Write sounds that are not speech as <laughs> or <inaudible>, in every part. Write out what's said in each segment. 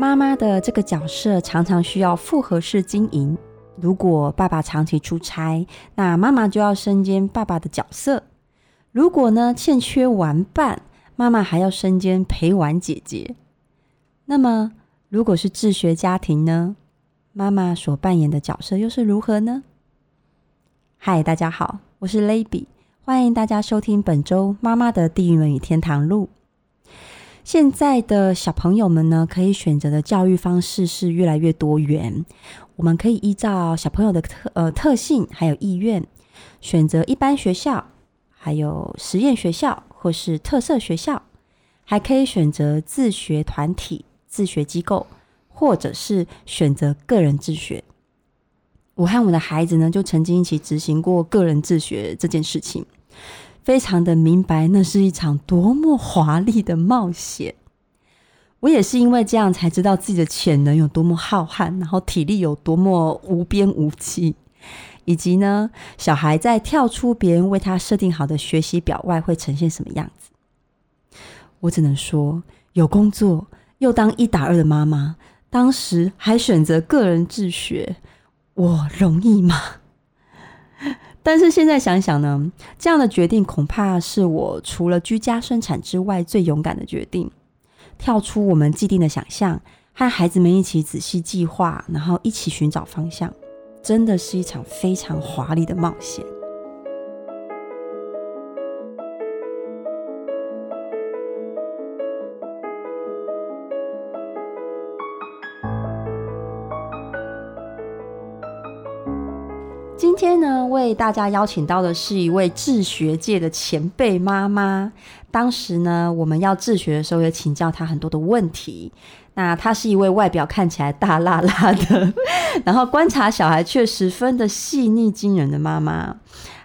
媽媽的這個角色常常需要複合式經營。如果爸爸長期出差，那媽媽就要身兼爸爸的角色；如果呢欠缺玩伴，媽媽還要身兼陪玩姐姐。那麼，如果是自學家庭呢，媽媽所扮演的角色又是如何呢？嗨，大家好，我是 Levi，歡迎大家收聽本周《媽媽的地獄門與天堂路》。現在的小朋友們呢，可以選擇的教育方式是越來越多元。我們可以依照小朋友的特呃特性還有意願，選擇一般學校，還有實驗學校或是特色學校，還可以選擇自學團體、自學機構，或者是選擇個人自學。我和我的孩子呢，就曾經一起執行過個人自學這件事情。非常的明白，那是一場多麼華麗的冒險。我也是因為這樣才知道自己的潛能有多麼浩瀚，然後體力有多麼無邊無際。以及呢，小孩在跳出別人為他設定好的學習表外會呈現什麼樣子。我只能說，有工作，又當一打二的媽媽，當時還選擇個人自學，我容易嗎？但是現在想想呢，這樣的決定恐怕是我除了居家生產之外最勇敢的決定。跳出我們既定的想象，和孩子們一起仔細計劃，然後一起尋找方向，真的是一場非常華麗的冒險。今天呢，為大家邀請到的是一位自學界的前輩媽媽。當時呢，我們要自學的時候，也請教她很多的問題。那她是一位外表看起來大辣辣的， <laughs> 然後觀察小孩卻十分的細膩驚人的媽媽。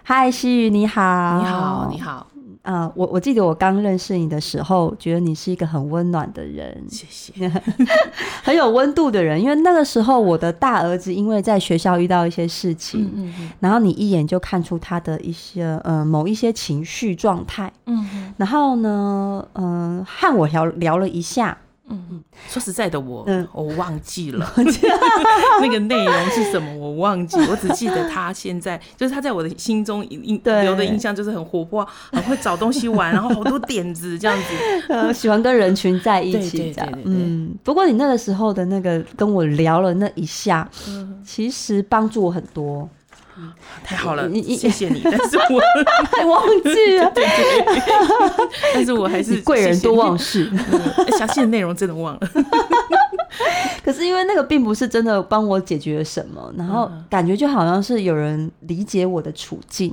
嗨，希瑜，你好，你好，你好，你好。啊，uh, 我我記得我剛認識你的時候，覺得你是一個很溫暖的人，謝謝， <laughs> 很有溫度的人。因為那個時候我的大兒子因為在學校遇到一些事情，嗯嗯，然後你一眼就看出他的一些呃某一些情緒狀態，嗯哼，然後呢，嗯、呃，和我聊聊了一下。嗯，嗯，說實在的我，我、嗯、我忘記了 <laughs> <laughs> 那個內容是什麼，我忘記， <laughs> 我只記得他現在就是他在我的心中印留 <laughs> 的印象就是很活潑，很會找東西玩， <laughs> 然後好多點子這樣子， <laughs> 嗯、喜歡跟人群在一起在嗯，不過你那個時候的那個跟我聊了那一下，其實幫助我很多。太好了，謝謝你，但是我 <laughs> 還忘記了， <laughs> 但是我還是貴 <laughs> 人多忘事，詳細的內容真的忘了。 <laughs> <laughs> 可是因為那個並不是真的幫我解決了什麼，然後感覺就好像是有人理解我的處境，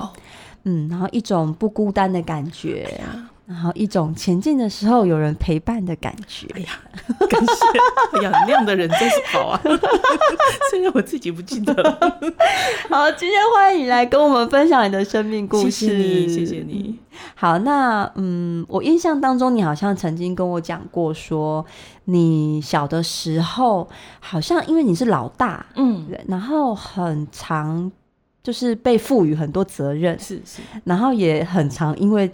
嗯、啊，然後一種不孤單的感覺啊。哦哎然後一種前進的時候有人陪伴的感覺，哎、呀，感謝有那樣的人真是好啊，雖然 <laughs> 我自己不記得了。 <laughs> 好，今天歡迎你來跟我們分享你的生命故事，謝謝你。謝謝你，嗯、好，那嗯，我印象當中你好像曾經跟我講過說，說你小的時候好像因為你是老大，嗯，然後很常就是被賦予很多責任，是是，然後也很常因為。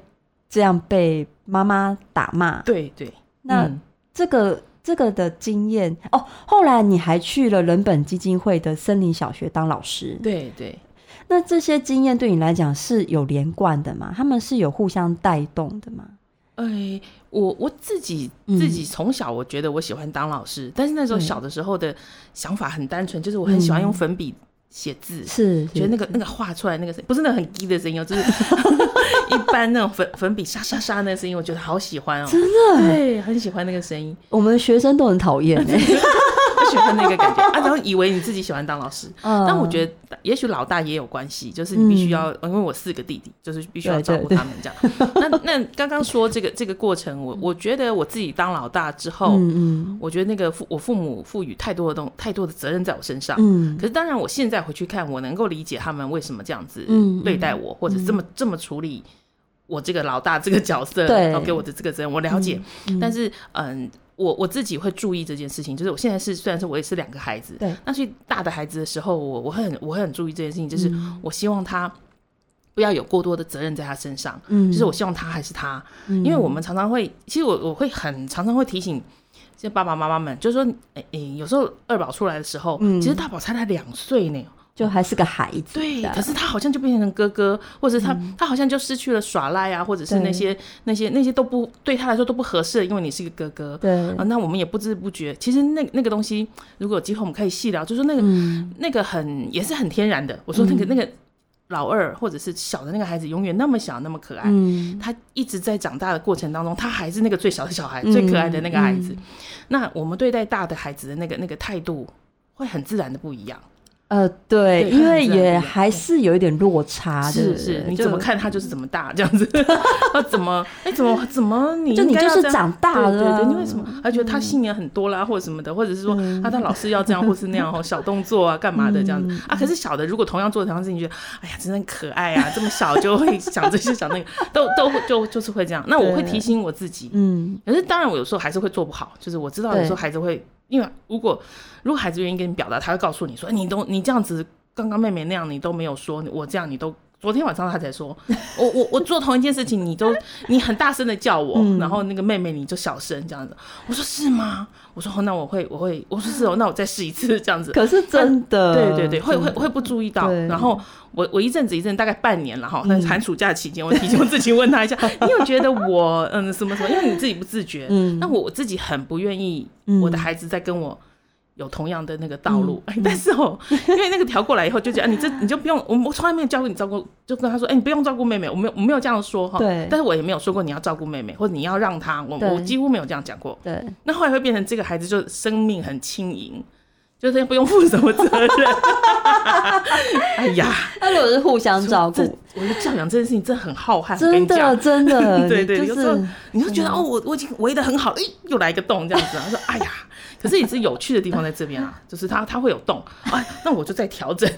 這樣被媽媽打罵，對對，那這個、嗯、這個的經驗哦，後來你還去了人本基金會的森林小學當老師，對對，那這些經驗對你來講是有連貫的嗎？他們是有互相帶動的嗎？哎、欸，我我自己、嗯、自己從小我覺得我喜歡當老師，但是那時候小的時候的想法很單純，嗯、就是我很喜歡用粉筆，寫字是，覺得那個是那個畫出來那個聲音，不是那個很低的聲音喔，就是一般那種粉 <laughs> 粉筆沙沙沙那個聲音，我覺得好喜歡哦，真的，對，很喜歡那個聲音，我們學生都很討厭。 <laughs> 喜歡 <laughs> 那個感覺啊，然後以為你自己喜歡當老師，uh, 但我覺得也許老大也有關係，就是你必須要，嗯、因為我四個弟弟，就是必須要照顧他們這樣。對對對 <laughs> 那那剛剛說這個這個過程，我我覺得我自己當老大之後，嗯嗯、我覺得那個父我父母賦予太多的東，太多的責任在我身上。嗯、可是當然我現在回去看，我能夠理解他們為什麼這樣子對待我，嗯嗯、或者這麼這麼處理我這個老大這個角色，對然後給我的這個責任，我了解。嗯嗯、但是嗯。我我自己會注意這件事情，就是我現在是，雖然說我也是兩個孩子，對，但是大的孩子的時候，我我會很我會很注意這件事情，就是我希望他不要有過多的責任在他身上，嗯，就是我希望他還是他，嗯、因為我們常常會，其實我我會很常常會提醒，這些爸爸媽媽們，就是、說，哎、欸、哎、欸，有時候二寶出來的時候，其實大寶才才兩歲呢？嗯就還是個孩子，對，可是他好像就變成哥哥，或者是他、嗯、他好像就失去了耍賴啊，或者是那些對那些那些都不對他來說都不合適，因為你是個哥哥。對啊，那我們也不知不覺，其實那那個東西，如果有機會我們可以細聊，就說、是、那個、嗯、那個很也是很天然的。我說那個、嗯、那個老二或者是小的那個孩子，永遠那麼小那麼可愛，嗯、他一直在長大的過程當中，他還是那個最小的小孩，嗯、最可愛的那個孩子。嗯嗯、那我們對待大的孩子的那個那個態度，會很自然的不一樣。呃，對，因為也還是有一點落差的，是是，你怎麼看他就是怎麼大這樣子，怎麼，哎，怎麼怎麼，你就你就是長大了，對，你為什麼他覺得他心眼很多啦，或者什麼的，或者是說他他老是要這樣或是那樣哦，小動作啊，幹嘛的這樣子啊？可是小的如果同樣做同樣事情，覺得哎呀，真的可愛啊，這麼小就會想這些想那個，都都就就是會這樣。那我會提醒我自己，嗯，可是當然我有時候還是會做不好，就是我知道有時候孩子會。因為如果如果孩子願意跟你表達，他會告訴你說：“你都，你這樣子，剛剛妹妹那樣，你都沒有說，我這樣你都。”昨天晚上他才說， <laughs> 我我我做同一件事情，你都、啊、你很大聲的叫我，嗯、然後那個妹妹你就小聲這樣子。我說是嗎？我說那我會我會我說是哦，那我再試一次這樣子。可是真的，對對對，的會會會不注意到。對然後我我一陣子一陣，大概半年了哈，那對寒暑假期間我提醒自己問他一下，嗯、 <laughs> 你有覺得我嗯什麼什麼，因為你自己不自覺，那我、嗯、我自己很不願意我的孩子在跟我。有同樣的那個道路，哎，但是哦，因為那個調過來以後，就覺得你這你就不用，我我從來沒有教過你照顧，就跟他說，哎，你不用照顧妹妹，我沒有我沒有這樣說哈。對。但是我也沒有說過你要照顧妹妹，或者你要讓她，我我幾乎沒有這樣講過。對。那後來會變成這個孩子就生命很輕盈，就是不用負什麼責任。哎呀，那如果是互相照顧，我覺得教養這件事情真的很浩瀚，真的真的，對對，有時候你就覺得哦，我我已經圍得很好了，哎，又來一個洞這樣子，他說，哎呀。可是也是有趣的地方在這邊啊，就是他他會有動，哎，那我就再調整，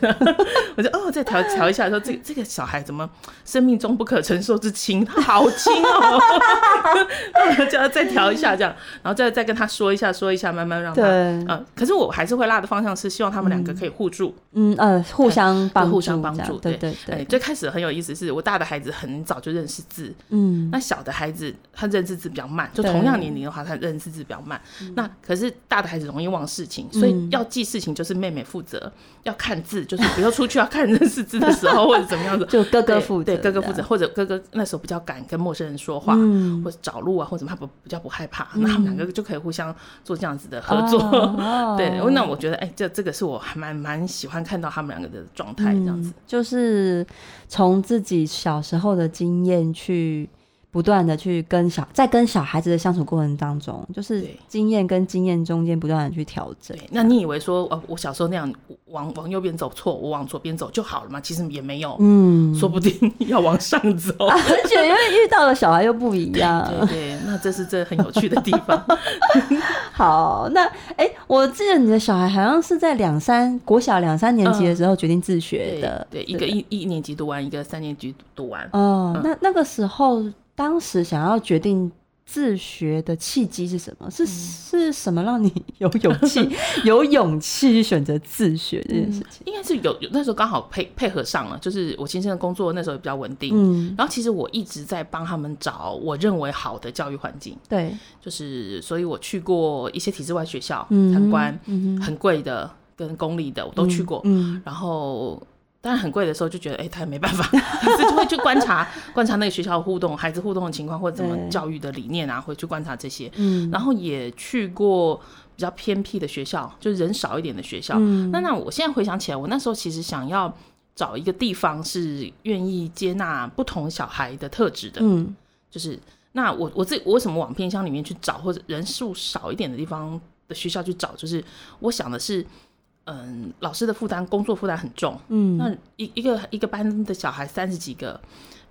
我就哦，再調調一下，說這這個小孩怎麼生命中不可承受之輕，好輕哦，那我就要再調一下這樣，然後再再跟他說一下說一下，慢慢讓他，對。可是我還是會拉的方向是希望他們兩個可以互助，嗯呃互相幫互相幫助，對對對。最開始很有意思是我大的孩子很早就認識字，嗯，那小的孩子他認識字比較慢，就同樣年齡的話他認識字比較慢，那可是。大的孩子容易忘事情，所以要記事情就是妹妹負責；嗯、要看字就是，比如說出去要看認識字的時候 <laughs> 或者怎麼樣子，就哥哥負責。對，對哥哥負責，樣或者哥哥那時候比較敢跟陌生人說話，嗯、或者找路啊，或者他不比較不害怕，嗯、那他們兩個就可以互相做這樣子的合作。哦、 <laughs> 對，那我覺得哎，這、欸、這個是我還蠻蠻喜歡看到他們兩個的狀態這樣子，嗯、就是從自己小時候的經驗去。不斷的去跟小，在跟小孩子的相處過程當中，就是經驗跟經驗中間不斷的去調整。對，那你以為說哦，我小時候那樣往往右邊走錯，我往左邊走就好了嗎？其實也沒有，嗯，說不定要往上走，而且、啊、因為遇到的小孩又不一樣。 <laughs> 對，對對，那這是這很有趣的地方。 <laughs> 好，那哎、欸，我記得你的小孩好像是在兩三國小兩三年級的時候決定自學的。嗯、對，對對一個一一年級讀完，一個三年級讀完。哦、嗯，嗯、那那個時候。當時想要決定自學的契機是什麼？是是什麼讓你有勇氣、 <laughs> 有勇氣去選擇自學這件事情？嗯、吧應該是有，有那時候剛好配配合上了，就是我親身的工作那時候也比較穩定。嗯、然後其實我一直在幫他們找我認為好的教育環境。對，就是所以我去過一些體制外學校參觀，嗯、很貴的跟公立的我都去過。嗯嗯、然後。當然很貴的時候就覺得，哎、欸，他也沒辦法， <laughs> 所以就會去觀察 <laughs> 觀察那個學校的互動、孩子互動的情況，或者怎麼教育的理念啊，會、嗯、去觀察這些。然後也去過比較偏僻的學校，就是人少一點的學校。嗯、那那我現在回想起來，我那時候其實想要找一個地方是願意接納不同小孩的特質的。嗯、就是那我我自己我為什麼往偏鄉裡面去找，或者人數少一點的地方的學校去找，就是我想的是。嗯，老師的負擔、工作負擔很重。嗯，那一一個一個班的小孩三十幾個，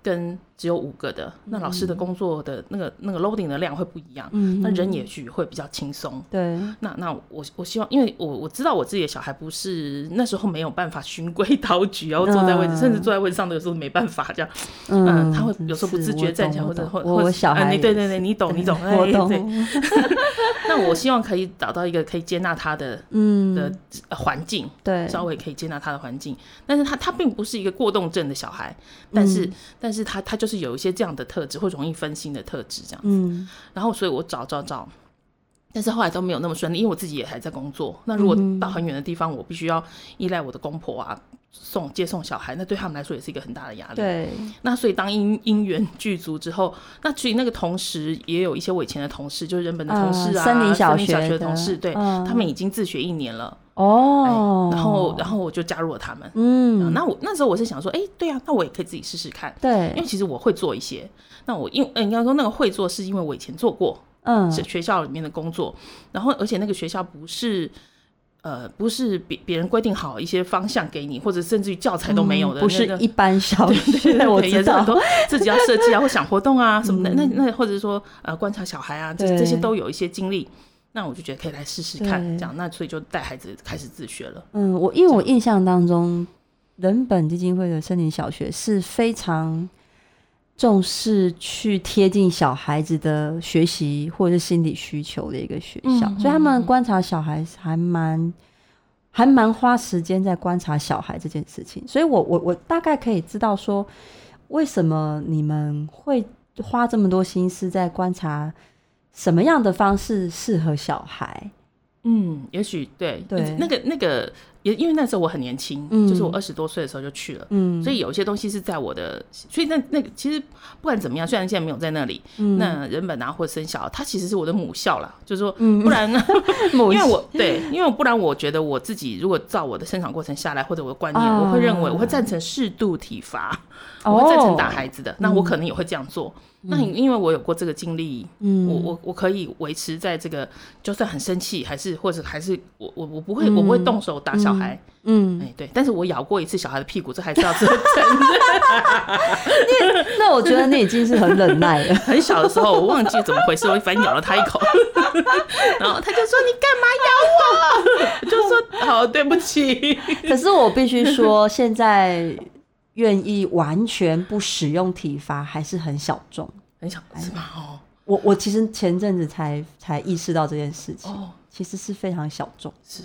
跟。只有五個的，那老師的工作的那個那個 loading 的量會不一樣，嗯，那人也許會比較輕鬆，對，那那我我希望，因為我我知道我自己的小孩不是那時候沒有辦法循規蹈矩然後坐在位置，甚至坐在位置上都有時候沒辦法這樣，嗯，他會有時候不自覺站起來或者或或小孩，你對對對，你懂你懂，我懂。那我希望可以找到一個可以接納他的嗯的環境，對，稍微可以接納他的環境，但是他他並不是一個過動症的小孩，但是但是他他就是。是有一些這樣的特質，會容易分心的特質，這樣子。然後，所以我找找找，但是後來都沒有那麼順利，因為我自己也還在工作。那如果到很遠的地方，我必須要依賴我的公婆啊送接送小孩，那對他們來說也是一個很大的壓力對。那所以當因因緣具足之後，那其實那個同時也有一些我以前的同事，就是人本的同事啊，啊，森林、森林小學的同事，對、啊、他們已經自學一年了。哦，然後，然後我就加入了他們。嗯，那我那時候我是想說，哎，對呀，那我也可以自己試試看。對，因為其實我會做一些。那我因，嗯，應該說那個會做是因為我以前做過，嗯，學校裡面的工作。然後，而且那個學校不是，呃，不是別別人規定好一些方向給你，或者甚至於教材都沒有的，不是一般小學。對對對，我也是很多自己要設計啊，或想活動啊什麼的。那那或者說呃，觀察小孩啊，這這些都有一些經歷。那我就覺得可以來試試看，對這樣，那所以就帶孩子開始自學了。嗯，我因為我印象當中，樣人本基金會的森林小學是非常重視去貼近小孩子的學習或者是心理需求的一個學校，嗯、哼所以他們觀察小孩還蠻還蠻花時間在觀察小孩這件事情。所以我我我大概可以知道說，為什麼你們會花這麼多心思在觀察。什麼樣的方式適合小孩？嗯，也許對對，那個，那個那個。也因為那時候我很年輕，就是我二十多歲的時候就去了，所以有些東西是在我的。所以那那個其實不管怎麼樣，雖然現在沒有在那裡，那人本啊或者生小他其實是我的母校了。就是說，不然，因為我對，因為不然，我覺得我自己如果照我的生長過程下來，或者我的觀念，我會認為我會贊成適度體罰，我會贊成打孩子的。那我可能也會這樣做。那因為我有過這個經歷，我我我可以維持在這個，就算很生氣，還是或者還是我我我不會我不會動手打小。孩、嗯，嗯，哎、欸，對，但是我咬過一次小孩的屁股，還這還是要說真的。那那我覺得那已經是很忍耐了。很小的時候，我忘記怎麼回事，我反咬了他一口， <laughs> <laughs> <laughs> 然後他就說：“你幹嘛咬我？” <laughs> <laughs> 就說：“ <laughs> 好，對不起。 <laughs> ”可是我必須說，現在願意完全不使用體罰還是很小眾，很小眾是吧？哦，我我其實前陣子才才意識到這件事情、哦、其實是非常小眾，是。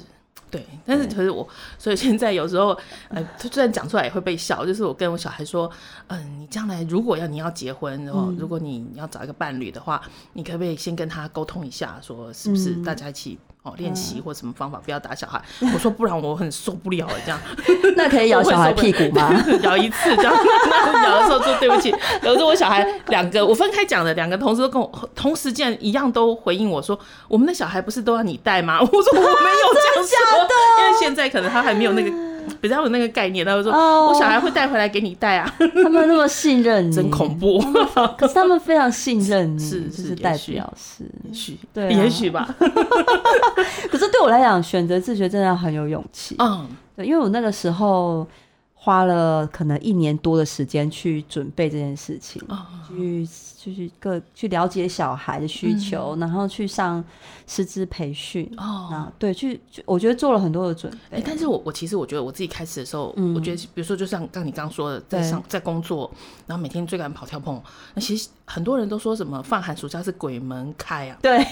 對，但是可是我，對所以現在有時候，呃，雖然講出來也會被笑，就是我跟我小孩說，嗯、呃，你將來如果要你要結婚的話，然後、嗯、如果你要找一個伴侶的話，你可不可以先跟他溝通一下，說是不是大家一起？哦，練習或什麼方法，嗯、不要打小孩。我說不然我很受不了，這樣。 <laughs> 那可以咬小孩屁股嗎？ <laughs> 咬一次這樣。 <laughs> <laughs> 那我咬的時候說對不起。 <laughs> 然後說我小孩兩個，我分開講的，兩個同事都跟我同時竟然一樣都回應我說：“我們的小孩不是都要你帶嗎？”我說我沒有這樣說， <laughs> 因為現在可能他還沒有那個。 <laughs> 比較有那個概念，他們說，oh, 我小孩會帶回來給你帶啊。他們那麼信任你，真恐怖。 <laughs> 可是他們非常信任你，是是就是代表是，老師，也許，對，也許吧。 <laughs> <laughs> 可是對我來講，選擇自學真的很有勇氣。嗯，um. 對，因為我那個時候花了可能一年多的時間去準備這件事情，uh. 去。就是個去了解小孩的需求，然後去上師資培訓哦，對，去我覺得做了很多的準備。哎，但是我我其實我覺得我自己開始的時候，我覺得比如說就像剛你剛剛說的，在上在工作，然後每天追趕跑跳碰，那其實很多人都說什麼放寒暑假是鬼門開啊。對，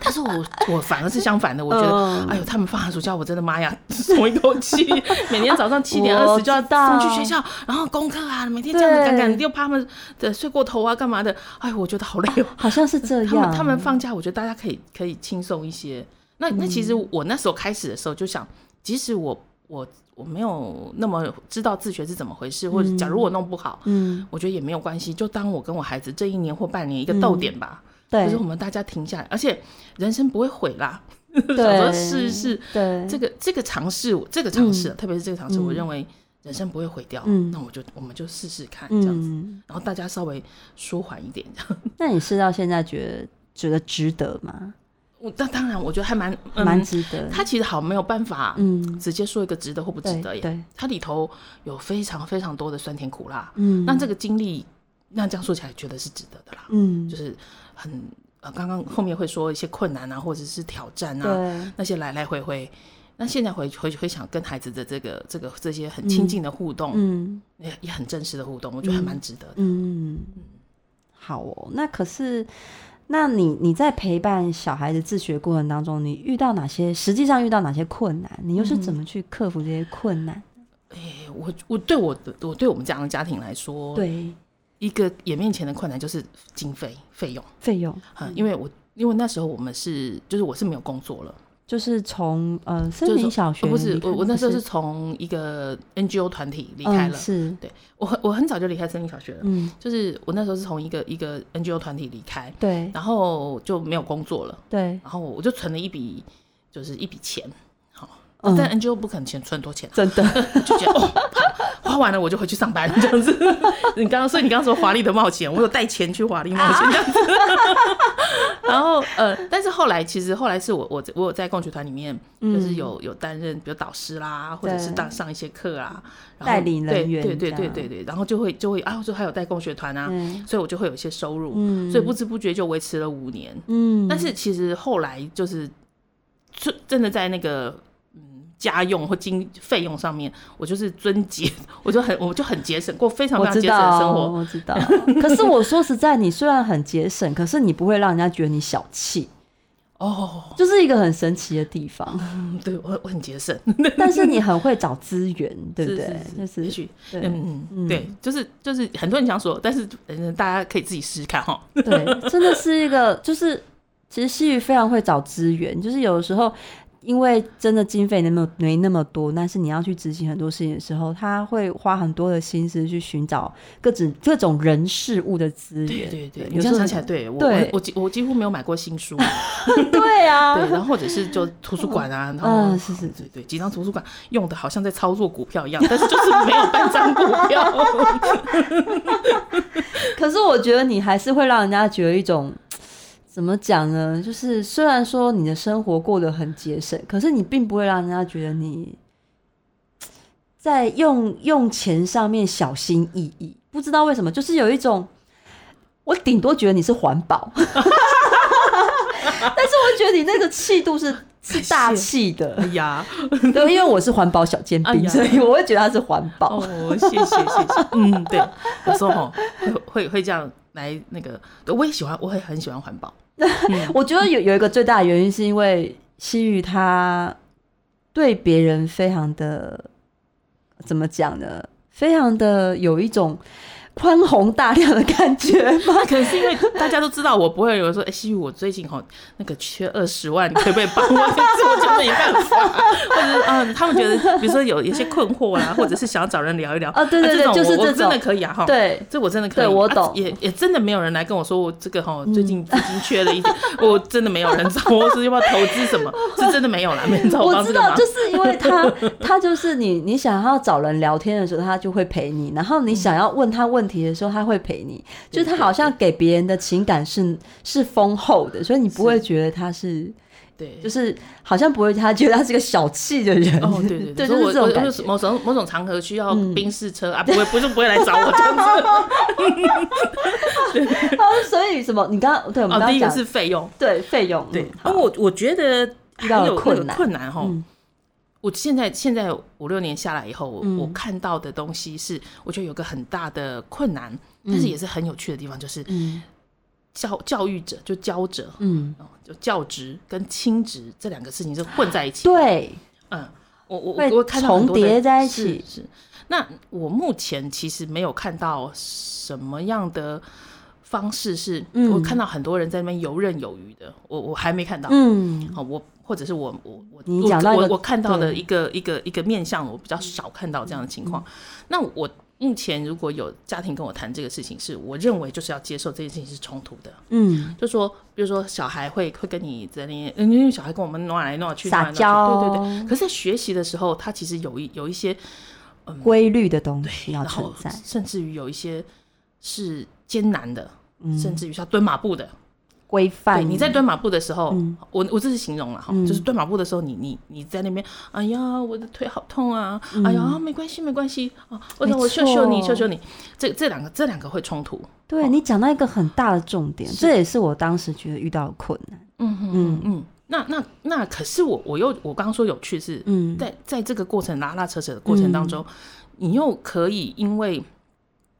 但是我我反而是相反的，我覺得哎呦，他們放寒暑假，我真的媽呀，鬆一口氣，每天早上七點二十就要送去學校，然後功課啊，每天這樣趕趕，又怕他們睡過頭啊，幹嘛？他的哎，我覺得好累、喔啊，好像是這樣。他們他們放假，我覺得大家可以可以輕鬆一些。那那其實我那時候開始的時候就想，嗯、即使我我我沒有那麼知道自學是怎麼回事，嗯、或者假如我弄不好，嗯，我覺得也沒有關係，就當我跟我孩子這一年或半年一個逗點吧。嗯、對，就是我們大家停下來，而且人生不會毀啦。對， <laughs> 想說是是、這個，對、這個，這個這個嘗試，這個嘗試、啊，嗯、特別是這個嘗試，嗯、我認為。本身不會毀掉，嗯，那我就我們就試試看這樣子，嗯、然後大家稍微舒緩一點這樣、嗯。那你試到現在覺得覺得值得嗎？我，那當然，我覺得還蠻蠻值得、嗯。他其實好沒有辦法，嗯，直接說一個值得或不值得耶。它、嗯、裡頭有非常非常多的酸甜苦辣，嗯，那這個經歷，那這樣說起來覺得是值得的啦，嗯，就是很呃，剛剛後面會說一些困難啊，或者是挑戰啊，對那些來來回回。那現在回回去回想跟孩子的這個這個這些很親近的互動，也、嗯嗯、也很真實的互動，我覺得還蠻值得的。嗯嗯。好哦，那可是，那你你在陪伴小孩子自學過程當中，你遇到哪些，實際上遇到哪些困難？你又是怎麼去克服這些困難？哎、嗯欸，我我對我的我對我們這樣的家庭來說，對一個眼面前的困難就是經費費用費用。用嗯，因為我因為那時候我們是就是我是沒有工作了。就是從呃森林小學離開，是哦，不是，是我，我那時候是從一個 NGO 團體離開了。嗯、是，對我很我很早就離開森林小學了。嗯，就是我那時候是從一個一個 NGO 團體離開。對，然後就沒有工作了。對，然後我就存了一筆，就是一筆錢。好對、喔，但 NGO 不肯存存很多錢，嗯、呵呵，真的。就這樣 <laughs> 完了，我就回去上班，這樣子。你剛剛，所以你剛剛說華麗的冒險，我有帶錢去華麗冒險這樣子。然後呃，但是後來其實後來是我我我有在共學團裡面，就是有有擔任，比如導師啦，或者是當上一些課啊。帶領人員，對對對對對，然後就會就會，就會啊，就還有帶共學團啊，所以我就會有一些收入，所以不知不覺就維持了五年。嗯，但是其實後來就是，真的在那個。家用或經費用上面，我就是尊節，我就很，我就很節省，過非常非常節省的生活。我知道。我知道 <laughs> 可是我說實在，你雖然很節省，可是你不會讓人家覺得你小氣。哦，就是一個很神奇的地方。嗯、對我，我很節省， <laughs> 但是你很會找資源，對不對？那是，是是，希瑜嗯嗯嗯，對，嗯對，就是就是很多人想說，但是大家可以自己試試看哈。對，真的是一個，就是其實希瑜非常會找資源，就是有的時候。因為真的經費那麼沒那麼多，但是你要去執行很多事情的時候，他會花很多的心思去尋找各種各種人事物的資源。對對對，這你這樣想起來對，對我我我幾乎沒有買過新書。 <laughs> 對啊， <laughs> 對，然後或者是就圖書館啊，然後嗯，是是，對，對對，幾張圖書館用的好像在操作股票一樣， <laughs> 但是就是沒有半張股票。可是我覺得你還是會讓人家覺得一種。怎麼講呢？就是雖然說你的生活過得很節省，可是你並不會讓人家覺得你在用用錢上面小心翼翼。不知道為什麼，就是有一種，我頂多覺得你是環保， <laughs> <laughs> <laughs> 但是我覺得你那個氣度是是大氣的。 <laughs> 哎呀， <laughs> 對，因為我是環保小尖兵，哎、呀所以我會覺得他是環保，哦。謝謝謝謝，嗯， <laughs> 對，我說齁，會會會這樣。來那個，我也喜歡，我也很喜歡環保。 <laughs> 我覺得有有一個最大的原因，是因為希瑜他對別人非常的，怎麼講呢？非常的有一種。寬宏大量的感覺嗎？可是因為大家都知道，我不會有人說：“哎，希瑜，我最近吼那個缺二十萬，可不可以幫我？”哈哈哈哈哈，沒辦法，或者是嗯，他們覺得，比如說有有些困惑啊，或者是想要找人聊一聊啊，對對，就是這種我真的可以啊，哈，對，這我真的可以，我懂，也也真的沒有人來跟我說我這個哈最近資金缺了一點，我真的沒有人找我說要不要投資什麼，是真的沒有啦，沒人找我幫這個忙，就是因為他，他就是你，你想要找人聊天的時候，他就會陪你，然後你想要問他問。題的時候他會陪你，就是他好像給別人的情感是是豐厚的，所以你不會覺得他是，對，就是好像不會他覺得他是個小氣的人。哦，對對，所以我我就是某種某種場合需要賓士車啊，不會不是不會來找我這樣子。所以什麼？你剛剛對，我們剛剛講，第一個是費用，對費用，對，因為我覺得比較困難困難哈。我現在現在五六年下來以後，我、嗯、我看到的東西是，我覺得有個很大的困難，嗯、但是也是很有趣的地方，就是教、嗯、教育者就教者，嗯，就教職跟親職這兩個事情是混在一起，對，嗯，我我會我重疊在一起，是。那我目前其實沒有看到什麼樣的方式是，嗯、我看到很多人在那邊游刃有餘的，我我還沒看到，嗯，好、哦、我。或者是我我我我我看到的一個對一個一個面向，我比較少看到這樣的情況。嗯嗯、那我目前如果有家庭跟我談這個事情，是我認為就是要接受這件事情是衝突的。嗯，就說比如說小孩會會跟你在那，因、嗯、為小孩跟我們鬧來鬧去，挪挪去撒嬌，對對對。可是在學習的時候，他其實有一有一些、嗯、規律的東西要存在，甚至於有一些是艱難的，嗯、甚至於像蹲馬步的。規範，你在蹲馬步的時候，我我這是形容了哈，就是蹲馬步的時候，你你你在那邊，哎呀，我的腿好痛啊，哎呀，沒關係沒關係啊，我我我秀秀你秀秀你，這這兩個這兩個會衝突。對，你講到一個很大的重點，這也是我當時覺得遇到的困難。嗯嗯嗯嗯，那那那可是我我又我剛剛說有趣是，在在這個過程拉拉扯扯的過程當中，你又可以因為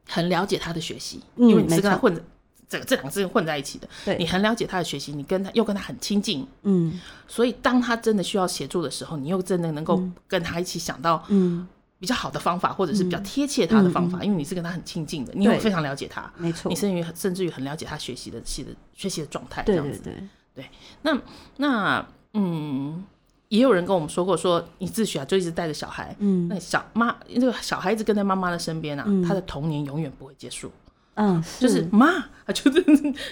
很了解他的學習，因為你是跟他混的。這這兩個事情混在一起的，對你很了解他的學習，你跟他又跟他很親近，嗯，所以當他真的需要協助的時候，你又真的能夠跟他一起想到，嗯，比較好的方法，嗯、或者是比較貼切他的方法，嗯、因為你是跟他很親近的，嗯、你又非常了解他，沒錯，你於甚至於很了解他學習的、學習的學習的狀態，這樣子，對，對，對，對，那那嗯，也有人跟我們說過說，說你自學、啊、就一直帶着小孩，嗯、那小媽這個小孩子跟在媽媽的身邊啊，嗯、他的童年永遠不會結束。嗯，是就是媽，就是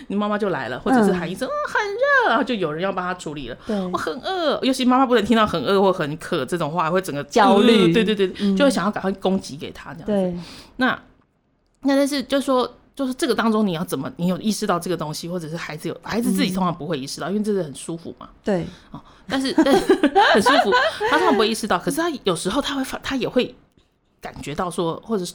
你媽媽就來了，或者是喊一聲啊、嗯哦，很熱，然後就有人要幫他處理了。我對很餓，尤其媽媽不能聽到很餓或很渴這種話，會整個、呃、焦慮慮。對對對，就會想要趕快供給給他這樣對，嗯、那那但是就是說，就是這個當中你要怎麼，你有意識到這個東西，或者是孩子有孩子自己通常不會意識到，嗯、因為這是很舒服嘛。對、哦、但是但是很舒服， <laughs> 他通常不會意識到，可是他有時候他會發，他也會感覺到說，或者是。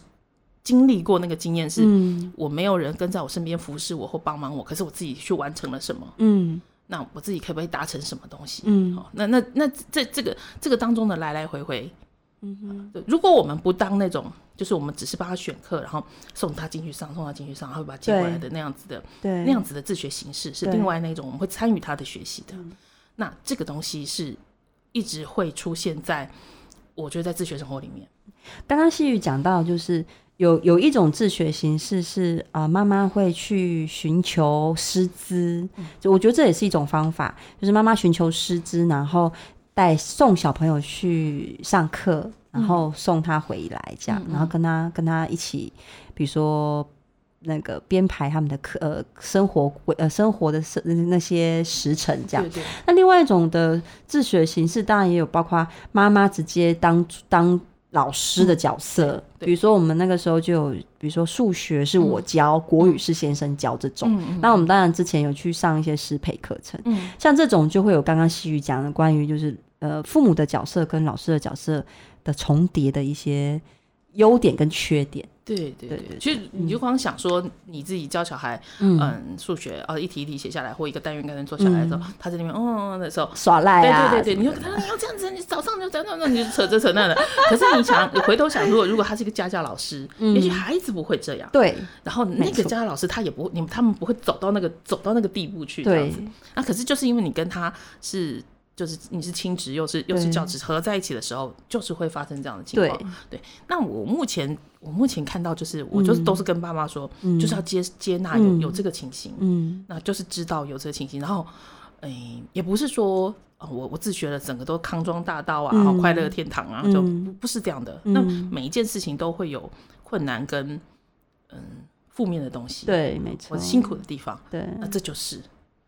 經歷過那個經驗是，嗯、我沒有人跟在我身邊服侍我或幫忙我，可是我自己去完成了什麼？嗯，那我自己可不可以達成什麼東西？嗯，哦、那那那這這個這個當中的來來回回，嗯哼、呃，如果我們不當那種，就是我們只是幫他選課，然後送他進去上，送他進去上，然後把他接回來的那樣子的，對那樣子的自學形式是另外那種，我們會參與他的學習的。對那這個東西是一直會出現在，我覺得在自學生活裡面。剛剛希瑜講到就是。有有一種自學形式是啊，媽媽會去尋求師資，就、嗯、我覺得這也是一種方法，就是媽媽尋求師資，然後帶送小朋友去上課，然後送他回來這樣，嗯、然後跟他跟他一起，比如說那個編排他們的課，呃，生活呃生活的是那些時辰這樣。對對對。那另外一種的自學的形式當然也有，包括媽媽直接當當老師的角色，嗯、比如說我們那個時候就有，比如說數學是我教，嗯、國語是先生教這種。嗯嗯、那我們當然之前有去上一些師培課程，嗯、像這種就會有剛剛希瑜講的關於就是呃父母的角色跟老師的角色的重疊的一些。優點跟缺點，對對對，其實你就光想說你自己教小孩，嗯，數學哦，一題一題寫下來，或一個單元跟人做下來的時候，他在那邊哦的時候耍賴，對對對對，你說他說你要這樣子，你早上就講講，你就扯這扯那的。可是你想，你回頭想，如果如果他是一個家教老師，也許孩子不會這樣，對，然後那個家教老師他也不，你他們不會走到那個走到那個地步去這樣子。那可是就是因為你跟他是。就是你是親職，又是又是教職，合在一起的時候，就是會發生這樣的情況對。對，那我目前我目前看到，就是、嗯、我就是都是跟爸媽說，嗯、就是要接接納有、嗯、有這個情形，嗯，那就是知道有這個情形，然後，哎、欸，也不是說、呃、我我自學了，整個都康莊大道啊，嗯、快樂天堂啊，就不不是這樣的。嗯、那每一件事情都會有困難跟嗯負面的東西，對，沒錯，辛苦的地方，對，那這就是。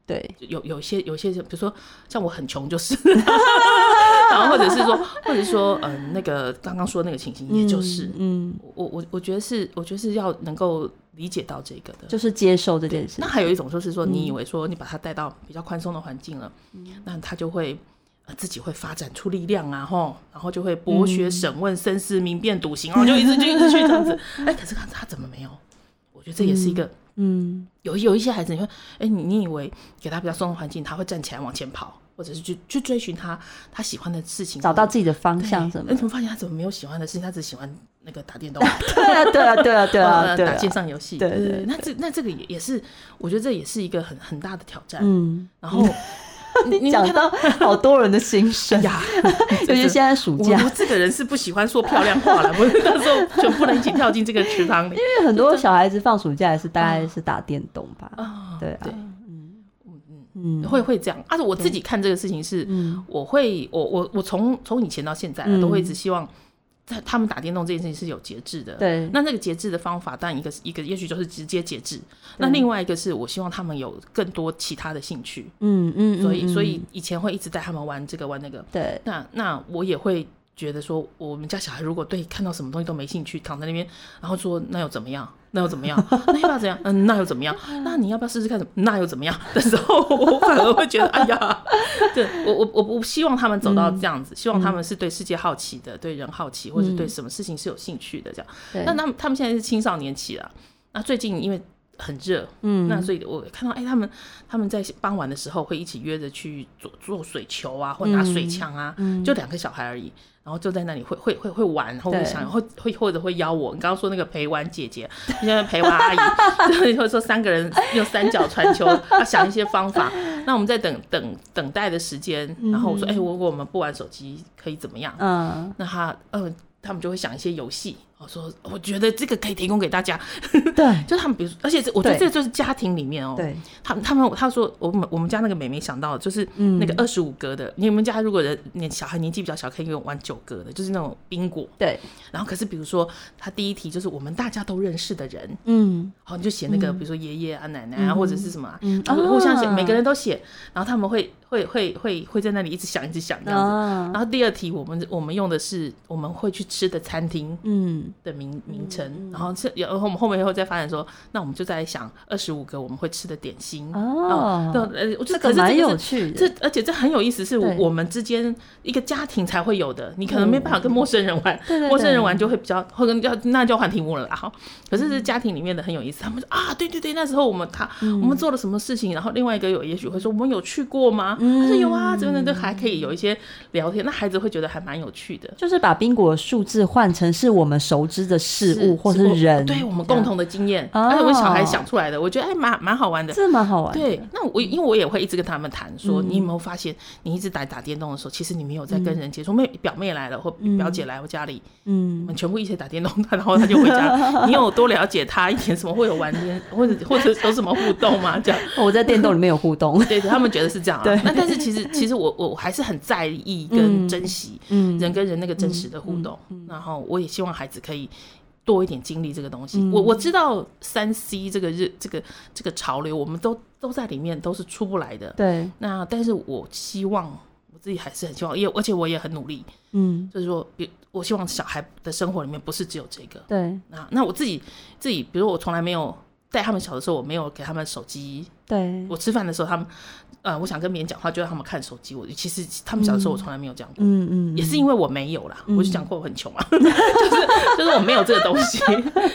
對，有有些，有些比如說像我很窮就是， <laughs> <laughs> 然後或者是說，或者是說，嗯、呃，那個剛剛說的那個情形，嗯、也就是，嗯，我我我覺得是，我覺得是要能夠理解到這個的，就是接受這件事。那還有一種就是說，嗯、你以為說你把他帶到比較寬鬆的環境了，嗯、那他就會、呃、自己會發展出力量啊，吼，然後就會博學審問，深思明辨，篤行哦，就一直就一直去這樣子。哎、 <laughs> 欸，可是他他怎麼沒有？我覺得這也是一個。嗯嗯，有有一些孩子，你說，哎，你你以為給他比較鬆的環境，他會站起來往前跑，或者是去去追尋他他喜歡的事情，找到自己的方向什麼？你怎麼發現他怎麼沒有喜歡的事情？他只喜歡那個打電動，對啊，對啊，對啊，對啊，打線上遊戲，對對。那這那這個也也是，我覺得這也是一個很很大的挑戰。嗯，然後。你你講到好多人的心聲呀，有有 <laughs> 尤其現在暑假，我這個人是不喜歡說漂亮話了，我那時候就不能一起跳進這個池塘，因為很多小孩子放暑假也是大概是打電動吧，對啊，嗯 <laughs> 嗯嗯，嗯嗯會會這樣，而且、啊、是我自己看這個事情是，嗯、我會我我我從從以前到現在、啊、都會一直希望。他們打電動這件事情是有節制的，對。那那個節制的方法，當然一個一個也許就是直接節制，對那另外一個是我希望他們有更多其他的興趣，嗯嗯對，所以所以以前會一直帶他們玩這個玩那個，對。那那我也會。覺得說我們家小孩如果對看到什麼東西都沒興趣，躺在那邊，然後說那又怎麼樣？那又怎麼樣？ <laughs> 那又怎樣？嗯，那又怎麼樣？那你要不要試試看？那又怎麼樣？的時候， <laughs> <laughs> <laughs> 我反而會覺得，哎呀，對我我我不希望他們走到這樣子，嗯、希望他們是對世界好奇的，對人好奇，嗯、或者對什麼事情是有興趣的這樣。對那他們他們現在是青少年期了，那最近因為很熱，嗯，那所以我看到哎、欸，他們他們在傍晚的時候會一起約着去做做水球啊，或拿水槍啊，嗯、就兩個小孩而已。然後就在那裡會會會會玩，然後會想，會，會或者會邀我。你剛剛說那個陪玩姐姐，現在陪玩阿姨， <laughs> 就會說三個人用三角傳球，他 <laughs> 想一些方法。那我們在等等等待的時間，嗯、哼然後我說，哎、欸，如果我們不玩手機，可以怎麼樣？嗯，那他嗯、呃，他們就會想一些遊戲。我說我覺得這個可以提供給大家，對， <laughs> 就他們比如說，而且我覺得這個就是家庭裡面哦，對，他們、他們他說，我們我們家那個妹妹想到的就是那個二十五格的，你們家如果的小孩年紀比較小，可以用玩九格的，就是那種賓果，對。然後可是比如說，他第一題就是我們大家都認識的人，嗯，好，你就寫那個比如說爺爺啊、奶奶啊或者是什麼啊，然後互相寫，每個人都寫，然後他們會會會會會在那裡一直想一直想這樣子。然後第二題我們我們用的是我們會去吃的餐廳，嗯。的名名稱，然後這然後我們後，後面會再發展說，那我們就在想二十五個我們會吃的點心哦，啊、這可我覺蠻有趣，這而且這很有意思，是我們之間一個家庭才會有的，對你可能沒辦法跟陌生人玩，哦、對對對陌生人玩就會比較或跟，叫那就換題目了啦好。可是是家庭裡面的很有意思，他們說啊對對對，那時候我們他、嗯、我們做了什麼事情，然後另外一個有也許會說我們有去過嗎？嗯、他說有啊，這邊就還可以有一些聊天，那孩子會覺得還蠻有趣的，就是把賓果數字換成是我們手投資的事物或者是人，對我們共同的經驗，而且我小孩想出來的，我覺得哎，蠻蠻好玩的，這蠻好玩。對，那我因為我也會一直跟他們談，說你有沒有發現，你一直打打電動的時候，其實你沒有在跟人接觸，妹表妹來了或表姐來，我家裡，嗯，我們全部一起打電動，他然後他就回家。你有多了解他一點？什麼會有玩電，或者或者有什麼互動嗎？這樣，我在電動裡面有互動。對，他們覺得是這樣。對，那但是其實其實我我還是很在意跟珍惜人跟人那個真實的互動，然後我也希望孩子。可以多一點經歷這個東西，嗯、我我知道三 C 這個日，這個這個潮流，我們都都在裡面，都是出不來的。對，那但是我希望我自己還是很希望，也而且我也很努力。嗯，就是說，我希望小孩的生活裡面不是只有這個。對，那那我自己自己，比如，我從來沒有帶他們小的時候，我沒有給他們手機。對，我吃飯的時候他們。呃，我想跟別人講話，就讓他們看手機。我其實他們小的時候，我從來沒有這樣過。嗯嗯，也是因為我沒有啦。我就講過我很窮啊，就是就是我沒有這個東西。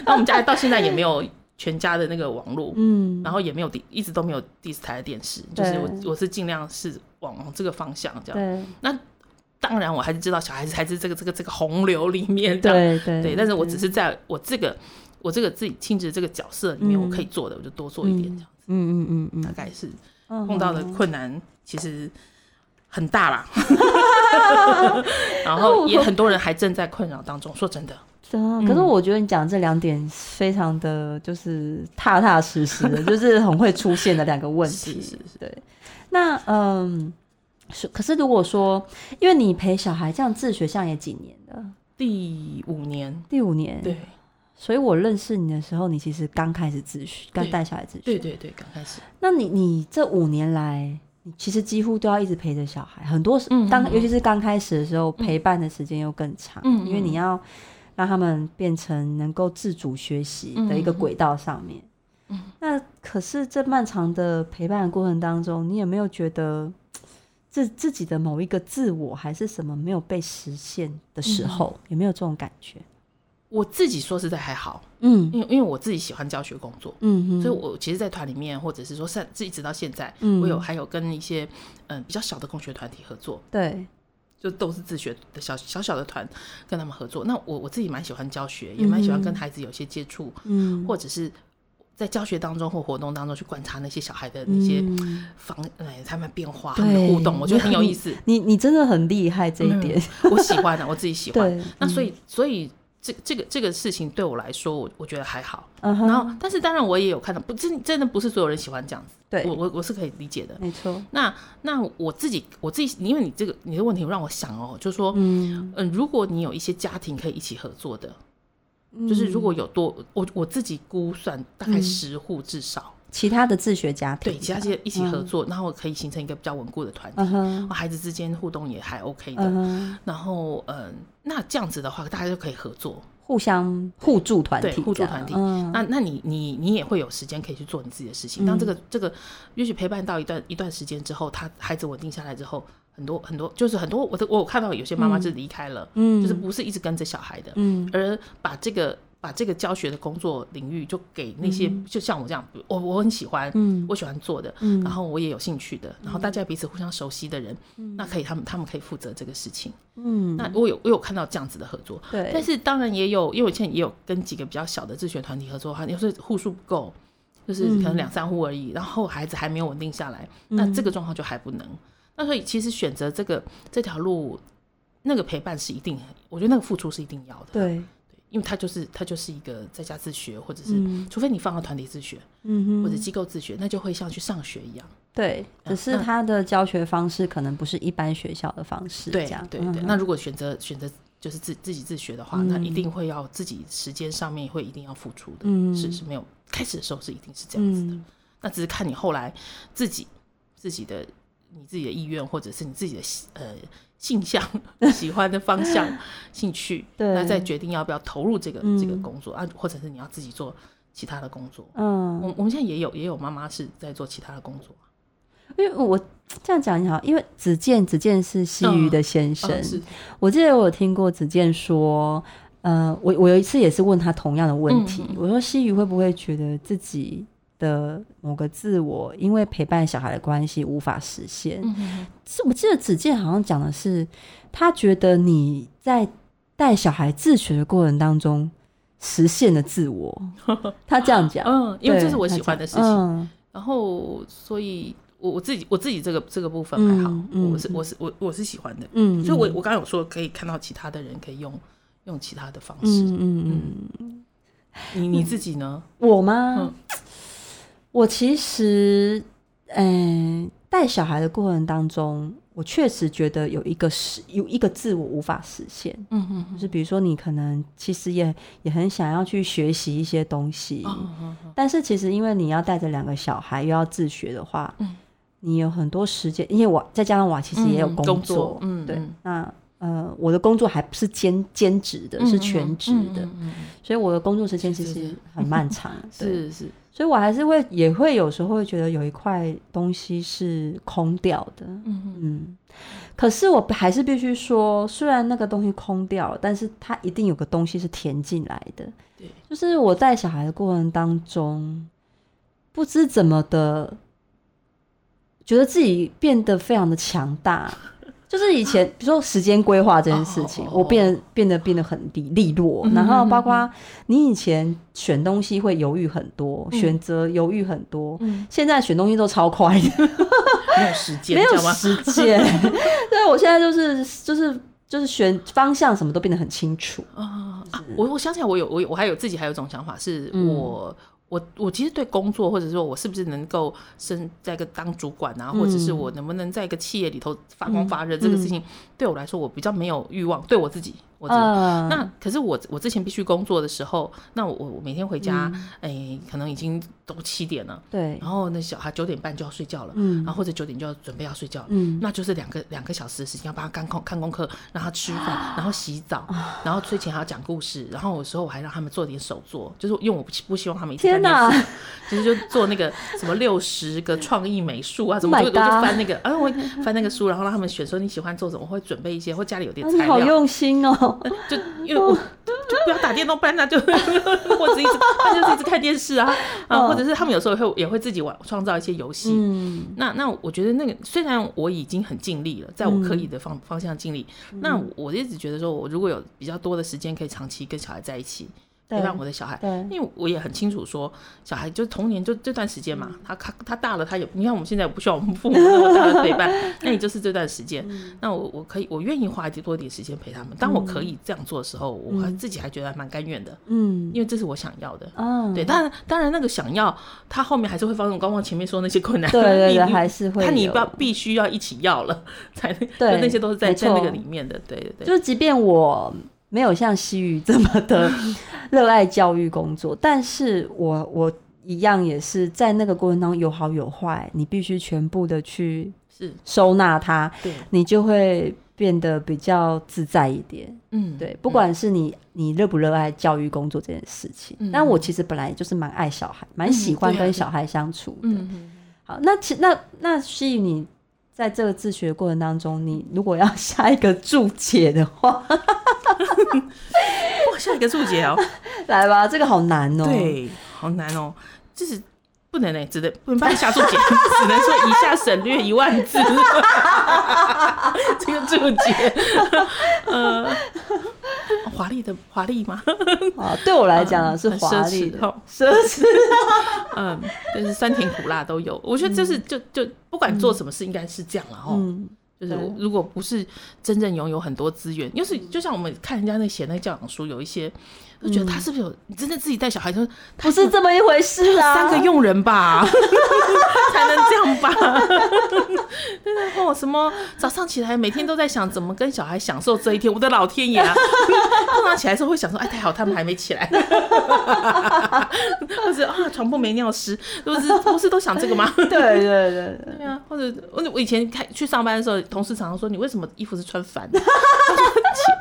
那我們家到現在也沒有全家的那個網絡。嗯，然後也沒有第，一直都沒有第四台的電視。就是我我是盡量是往這個方向這樣。那當然我還是知道小孩子還是這個這個這個洪流裡面的。對對，但是我只是在我這個我這個自己親職這個角色裡面，我可以做的，我就多做一點這樣子。嗯嗯嗯嗯，大概是。碰到的困難其實很大啦， <laughs> <laughs> 然後也很多人還正在困擾當中。說真的，真。可是我覺得你講這兩點非常的就是踏踏實實的，就是很會出現的兩個問題。 <laughs> 是對，那嗯，是可是如果說，因為你陪小孩這樣自學，像也幾年的，第五年，第五年，對。所以我認識你的時候，你其實剛開始自學，剛帶小孩自學。對，對對對，剛開始。那你你這五年來，你其實幾乎都要一直陪着小孩，很多時當尤其是剛開始的時候，嗯、哼陪伴的時間又更長。嗯哼。因為你要讓他們變成能夠自主學習的一個軌道上面。嗯。嗯嗯，那可是這漫長的陪伴的過程當中，你有沒有覺得自自己的某一個自我還是什麼沒有被實現的時候，嗯、哼有沒有這種感覺？我自己說實在還好，嗯，因為因為我自己喜歡教學工作，嗯嗯，嗯所以我其實，在團裡面，或者是說，甚一直到現在，嗯，我有還有跟一些嗯、呃、比較小的共學團體合作，對，就都是自學的小小小的團跟他們合作。那我我自己蠻喜歡教學，也蠻喜歡跟孩子有些接觸，嗯，或者是在教學當中或活動當中去觀察那些小孩的那些房，哎他們變化互動，對我覺得很有意思。你你真的很厲害這一點，嗯、我喜歡的、啊，我自己喜歡。嗯、那所以所以。這這個這個事情對我來說我，我我覺得還好。Uh huh. 然後，但是當然我也有看到，不真真的不是所有人喜歡這樣子。對，我我我是可以理解的。沒錯。那那我自己我自己，因為你這個你的問題讓我想哦，就是說，嗯、呃、如果你有一些家庭可以一起合作的，嗯、就是如果有多，我我自己估算大概十戶至少。嗯其他的自學家庭對其他一些一起合作，嗯、然後可以形成一個比較穩固的團體。嗯、孩子之間互動也還 OK 的。嗯、然後嗯、呃，那這樣子的話，大家就可以合作，互相互助團體對對，互助團體。嗯、那那你你你也會有時間可以去做你自己的事情。當、嗯、這個這個，也許陪伴到一段一段時間之後，他孩子穩定下來之後，很多很多就是很多，我的我有看到有些媽媽就離開了，嗯嗯、就是不是一直跟着小孩的，嗯、而把這個。把這個教學的工作領域就給那些就像我這樣，我我很喜歡，嗯，我喜歡做的，然後我也有興趣的，然後大家彼此互相熟悉的人，那可以，他們他們可以負責這個事情，嗯，那我有我有看到這樣子的合作，對，但是當然也有，因為我現在也有跟幾個比較小的自學團體合作，哈，有時候戶數不夠，就是可能兩三戶而已，然後孩子還沒有穩定下來，那這個狀況就還不能，那所以其實選擇這個這條路，那個陪伴是一定，我覺得那個付出是一定要的，對。因為他就是他就是一個在家自學，或者是、嗯、除非你放到團體自學，嗯、哼或者機構自學，那就會像去上學一樣。對，那只是他的教學方式可能不是一般學校的方式這樣。對，對對。嗯、哼那如果選擇選擇就是自自己自學的話，嗯、那一定會要自己時間上面會一定要付出的，嗯、是是沒有開始的時候是一定是這樣子的，嗯、那只是看你後來自己自己的你自己的意願，或者是你自己的呃。性向喜歡的方向、 <laughs> 興趣，那 <laughs> 對再決定要不要投入這個這個工作，嗯、啊，或者是你要自己做其他的工作。嗯，我我們現在也有也有媽媽是在做其他的工作，因為我這樣講一下，因為子健子健是希瑜的先生，嗯嗯、我記得我有聽過子健說，嗯、呃，我我有一次也是問他同樣的問題，嗯、我說希瑜會不會覺得自己，的某個自我，因為陪伴小孩的關係無法實現。是、嗯、哼我記得子健好像講的是，他覺得你在帶小孩自學的過程當中實現了自我。他這樣講， <laughs> 嗯，對因為這是我喜歡的事情。嗯、然後，所以我我自己我自己這個這個部分還好，嗯嗯、我是我是我我是喜歡的。嗯，所以我我剛才有說，可以看到其他的人可以用用其他的方式。嗯嗯嗯。嗯嗯，你你自己呢？嗯、我嗎？嗯我其實，嗯、欸，帶小孩的過程當中，我確實覺得有一個實有一個自我無法實現，嗯、哼哼，就是比如說你可能其實也也很想要去學習一些東西，嗯、哼哼，但是其實因為你要帶着兩個小孩又要自學的話，嗯、你有很多時間，因為我再加上我其實也有工作，嗯，嗯對，那呃，我的工作還不是兼兼職的，是全職的，嗯嗯嗯、所以我的工作時間其實很漫長，是，對是，是是。所以，我還是會也會有時候會覺得有一塊東西是空掉的，嗯,哼嗯可是我還是必須說，雖然那個東西空掉，但是它一定有個東西是填進來的。對就是我帶小孩的過程當中，不知怎麼的，覺得自己變得非常的強大。就是以前，比如說時間規劃這件事情，啊哦、我變變得變得很低利落。嗯、然後包括你以前選東西會猶豫很多，嗯、選擇猶豫很多，嗯、現在選東西都超快的，嗯、 <laughs> 沒有時間，沒有時間。 <laughs> <laughs> 對，我現在就是就是就是選方向，什麼都變得很清楚、呃就是、啊。我我想起來，我有我有我，我還有自己還有一種想法，是我。嗯我我其實對工作，或者說我是不是能夠升在一個當主管啊，嗯、或者是我能不能在一個企業裡頭發光發熱，這個事情、嗯嗯、對我來說，我比較沒有慾望，對我自己。我知道。那可是我我之前必須工作的時候，那我我每天回家，哎，可能已經都七點了。對。然後那小孩九點半就要睡覺了。然後或者九點就要準備要睡覺了。那就是兩個兩個小時的時間，要幫他看功看功課，讓他吃飯，然後洗澡，然後睡前還要講故事，然後有時候我還讓他們做點手作，就是因為我不不希望他們一天天哪，就是就做那個什麼六十個創意美術啊，什麼我就翻那個啊我翻那個書，然後讓他們選說你喜歡做什麼，我會準備一些，或家裡有點材料。好用心哦。嗯、就因為我就不要打電動班吶、啊，就或者 <laughs> <laughs> 一直他就是一直看電視啊啊，或者是他們有時候也會也會自己玩創造一些遊戲。嗯、那那我覺得那個雖然我已經很盡力了，在我可以的方方向盡力，嗯、那我一直覺得說我如果有比較多的時間可以長期跟小孩在一起。陪伴我的小孩，因為我也很清楚，說小孩就童年就這段時間嘛，他他他大了，他也你看我們現在也不需要我們父母那麼大的陪伴，那你就是這段時間，那我我可以我願意花多一點時間陪他們，當我可以這樣做的時候，我自己還覺得還蠻甘願的，嗯，因為這是我想要的，嗯，對，但當然那個想要，他後面還是會發生，剛剛前面說那些困難，對還是會，看你不要必須要一起要了，才對，那些都是在在那個裡面的，對對，就是即便我。沒有像希瑜這麼的熱愛教育工作， <laughs> 但是我我一樣也是在那個過程當中有好有壞，你必須全部的去是收納它，對你就會變得比較自在一點。嗯對，對，對，不管是你你熱不熱愛教育工作這件事情，嗯、但我其實本來就是蠻愛小孩，蠻喜歡跟小孩相處的。嗯、好，那其那那希瑜，你在這個自學過程當中，你如果要下一個注解的話。 <laughs> <laughs> 哇，下一個注解哦、喔，來吧，這個好難哦、喔，對，好難哦、喔，就是不能呢、欸，只能不能幫你下注解， <laughs> <laughs> 只能說一下省略，一萬字。 <laughs> 這個注解，呃，華麗的，華麗嗎？啊，對我來講呢，是華麗的，很奢侈。嗯，就是酸甜苦辣都有，我覺得就是就就不管做什麼事，應該是這樣了哈、喔。嗯嗯就是如果不是真正擁有很多資源，要是就像我們看人家那寫那教養書，有一些。我覺得他是不是有？你真的自己帶小孩，嗯、他是不是這麼一回事啊，三個傭人吧， <laughs> <laughs> 才能這樣吧？真 <laughs> 的、就是、問我什麼早上起來，每天都在想怎麼跟小孩享受這一天。 <laughs> 我的老天爺啊！早 <laughs> 上起來的時候會想說，哎，太好，他們還沒起來。 <laughs> 或者說啊，床鋪沒尿濕。 <laughs> 不是不是都想這個嗎？ <laughs> 對，對對對，對啊。或者我我以前去上班的時候，同事常常說你為什麼衣服是穿反的？ <laughs>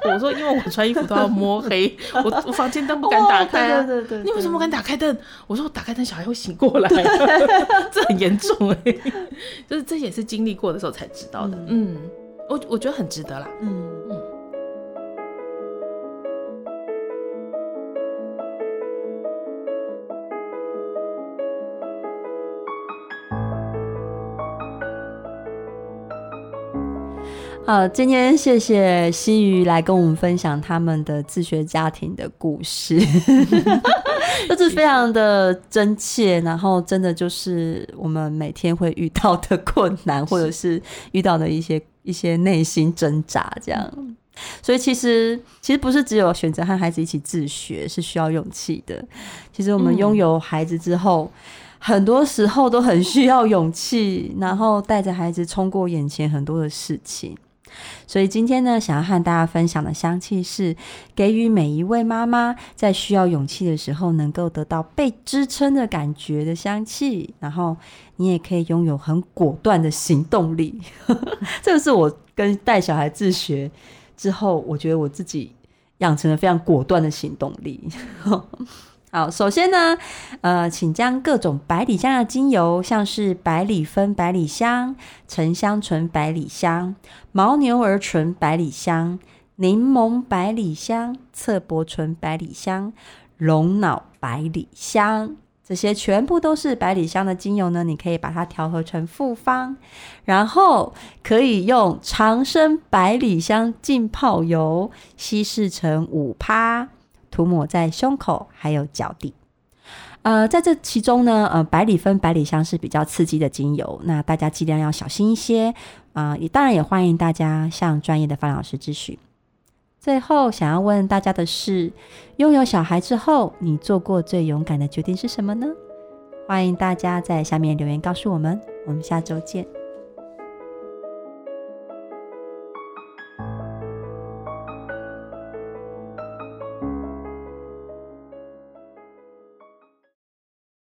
我說，因為我穿衣服都要摸黑，我 <laughs> 我房間燈不敢打開啊。對對對對。你為什麼不敢打開燈？我說我打開燈，小孩會醒過來，對 <laughs> 這很嚴重哎，欸。就是這也是經歷過的時候才知道的。嗯，嗯，我我覺得很值得啦。嗯。好，今天謝謝希瑜來跟我們分享他們的自學家庭的故事。嗯，這 <laughs> 是非常的真切，然後真的就是我們每天會遇到的困難，是或者是遇到的一些一些內心掙扎這樣。嗯、所以其實其實不是只有選擇和孩子一起自學是需要勇氣的，其實我們擁有孩子之後，嗯、很多時候都很需要勇氣，然後帶着孩子衝過眼前很多的事情。所以今天呢，想要和大家分享的香氣是，給予每一位媽媽在需要勇氣的時候，能夠得到被支撐的感覺的香氣。然後你也可以擁有很果斷的行動力。 <laughs> 這個是我跟帶小孩自學之後，我覺得我自己養成了非常果斷的行動力。 <laughs> 好，首先呢，呃，請將各種百里香的精油，像是百里酚、百里香、沉香醇、百里香、牦牛兒醇、百里香、檸檬百里香、側柏醇、百里香、龍腦百里香，這些全部都是百里香的精油呢。你可以把它調和成複方，然後可以用長生百里香浸泡油稀釋成五趴。塗抹在胸口還有腳底，呃，在這其中呢，呃，百里芬、百里香是比較刺激的精油，那大家盡量要小心一些，啊、呃，也當然也歡迎大家向專業的方老師諮詢。最後，想要問大家的是，擁有小孩之後，你做過最勇敢的決定是什麼呢？歡迎大家在下面留言告訴我們，我們下周見。